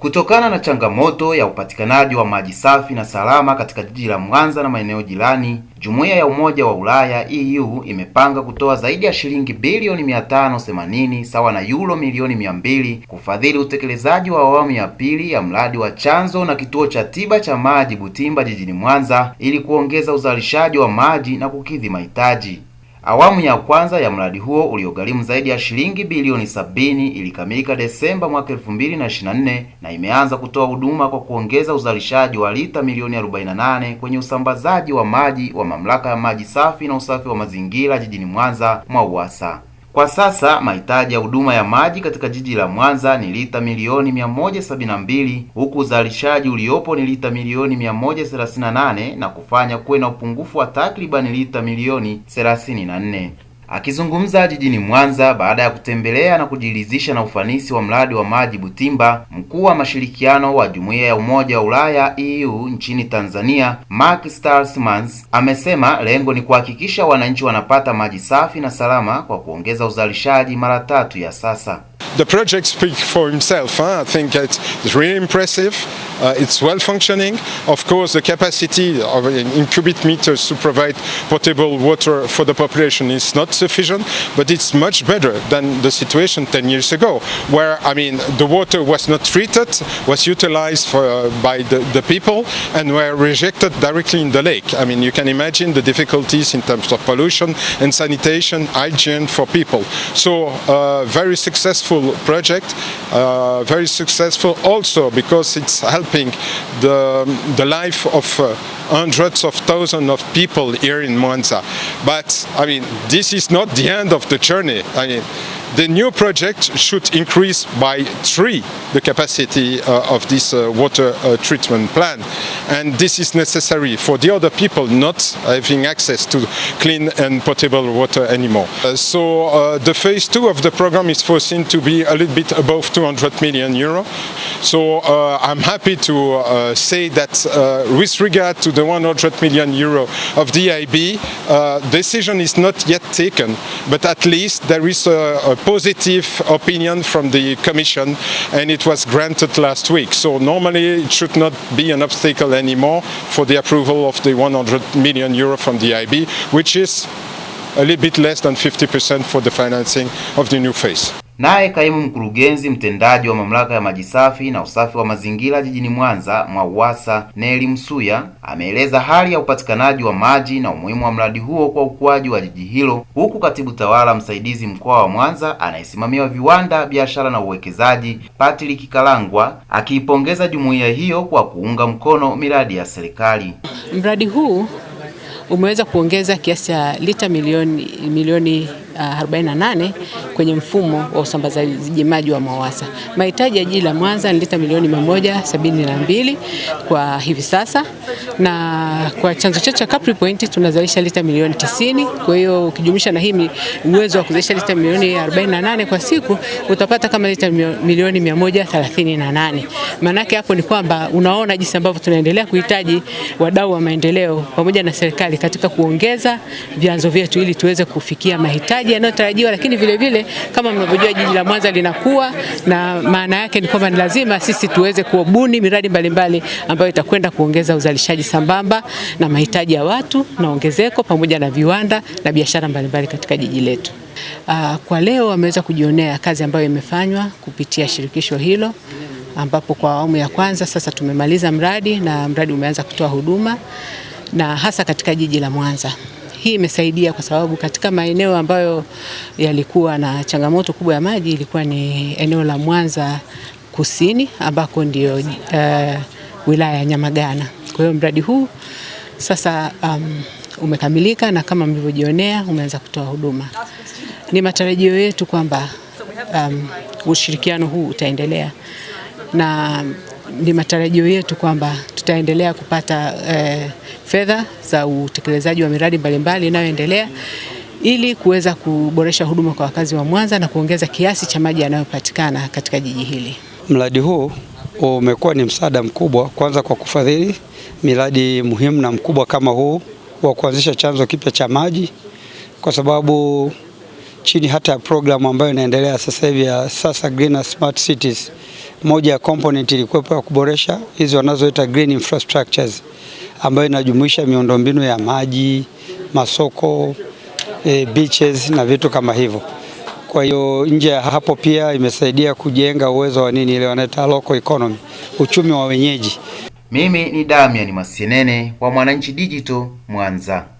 Kutokana na changamoto ya upatikanaji wa maji safi na salama katika jiji la Mwanza na maeneo jirani, Jumuiya ya Umoja wa Ulaya EU imepanga kutoa zaidi ya shilingi bilioni 580 sawa na euro milioni 200 kufadhili utekelezaji wa awamu ya pili ya mradi wa chanzo na kituo cha tiba cha maji Butimba jijini Mwanza ili kuongeza uzalishaji wa maji na kukidhi mahitaji. Awamu ya kwanza ya mradi huo uliogharimu zaidi ya shilingi bilioni sabini ilikamilika Desemba mwaka 2024 na imeanza kutoa huduma kwa kuongeza uzalishaji wa lita milioni 48 kwenye usambazaji wa maji wa Mamlaka ya Maji Safi na Usafi wa Mazingira jijini Mwanza, mwa uwasa kwa sasa mahitaji ya huduma ya maji katika jiji la Mwanza ni lita milioni 172 huku uzalishaji uliopo ni lita milioni 138 na kufanya kuwe na upungufu wa takribani lita milioni 34. Akizungumza jijini Mwanza baada ya kutembelea na kujiridhisha na ufanisi wa mradi wa maji Butimba, mkuu wa mashirikiano wa Jumuiya ya Umoja wa Ulaya EU nchini Tanzania, Mark stalsmans amesema lengo ni kuhakikisha wananchi wanapata maji safi na salama kwa kuongeza uzalishaji mara tatu ya sasa. the project speaks for himself. Huh? I think it's, it's really impressive. Uh, it's well functioning. Of course, the capacity of, in, in, cubic meters to provide potable water for the population is not sufficient, but it's much better than the situation 10 years ago, where, I mean, the water was not treated, was utilized for, uh, by the, the people, and were rejected directly in the lake. I mean, you can imagine the difficulties in terms of pollution and sanitation, hygiene for people. So, uh, very successful project, uh, very successful also because it's helping the, the life of uh, hundreds of thousands of people here in Monza. But I mean, this is not the end of the journey. I mean, the new project should increase by three the capacity uh, of this uh, water uh, treatment plant. And this is necessary for the other people not having access to clean and potable water anymore. Uh, so uh, the phase two of the program is foreseen to be a little bit above 200 million euro. So uh, I'm happy to say that with regard to the 100 million euro of DIB, decision is not yet taken, but at least there is a, a positive opinion from the Commission and it was granted last week. So normally it should not be an obstacle anymore for the approval of the 100 million euro from the IB, which is a little bit less than 50% for the financing of the new phase. Naye kaimu mkurugenzi mtendaji wa mamlaka ya maji safi na usafi wa mazingira jijini Mwanza MWAUWASA Neli Msuya ameeleza hali ya upatikanaji wa maji na umuhimu wa mradi huo kwa ukuaji wa jiji hilo, huku katibu tawala msaidizi mkoa wa Mwanza anayesimamia viwanda, biashara na uwekezaji Patrick Kalangwa akiipongeza jumuiya hiyo kwa kuunga mkono miradi ya serikali. Mradi huu umeweza kuongeza kiasi cha lita milioni milioni 48 kwenye mfumo wa usambazaji maji wa MWAUWASA. Mahitaji ya jiji la Mwanza ni lita milioni 172 kwa hivi sasa, na kwa chanzo chetu cha Capri Point tunazalisha lita milioni 90. Kwa hiyo ukijumlisha na hii uwezo wa kuzalisha lita milioni 48 kwa siku utapata kama lita milioni 138. Maana yake hapo ni kwamba unaona jinsi ambavyo tunaendelea kuhitaji wadau wa maendeleo pamoja na serikali katika kuongeza vyanzo vyetu ili tuweze kufikia mahitaji mitaji yanayotarajiwa, lakini vile vile kama mnavyojua jiji la Mwanza linakuwa na maana yake ni kwamba ni lazima sisi tuweze kuobuni miradi mbalimbali mbali ambayo itakwenda kuongeza uzalishaji sambamba na mahitaji ya watu na ongezeko pamoja na viwanda na biashara mbalimbali katika jiji letu. Uh, kwa leo wameweza kujionea kazi ambayo imefanywa kupitia shirikisho hilo ambapo kwa awamu ya kwanza sasa tumemaliza mradi na mradi umeanza kutoa huduma na hasa katika jiji la Mwanza. Hii imesaidia kwa sababu katika maeneo ambayo yalikuwa na changamoto kubwa ya maji ilikuwa ni eneo la Mwanza kusini ambako ndio uh, wilaya ya Nyamagana. Kwa hiyo mradi huu sasa um, umekamilika na kama mlivyojionea umeanza kutoa huduma. Ni matarajio yetu kwamba um, ushirikiano huu utaendelea na ni matarajio yetu kwamba tutaendelea kupata eh, fedha za utekelezaji wa miradi mbalimbali inayoendelea ili kuweza kuboresha huduma kwa wakazi wa Mwanza na kuongeza kiasi cha maji yanayopatikana katika jiji hili. Mradi huu umekuwa ni msaada mkubwa kwanza kwa kufadhili miradi muhimu na mkubwa kama huu wa kuanzisha chanzo kipya cha maji, kwa sababu chini hata ya programu ambayo inaendelea sasa hivi ya sasa Green Smart Cities moja ya component ilikuwepo ya kuboresha hizi wanazoita green infrastructures ambayo inajumuisha miundombinu ya maji, masoko, e, beaches na vitu kama hivyo. Kwa hiyo nje ya hapo pia imesaidia kujenga uwezo wa nini ile wanaita local economy, uchumi wa wenyeji. Mimi ni Damian Masinene wa Mwananchi Digital Mwanza.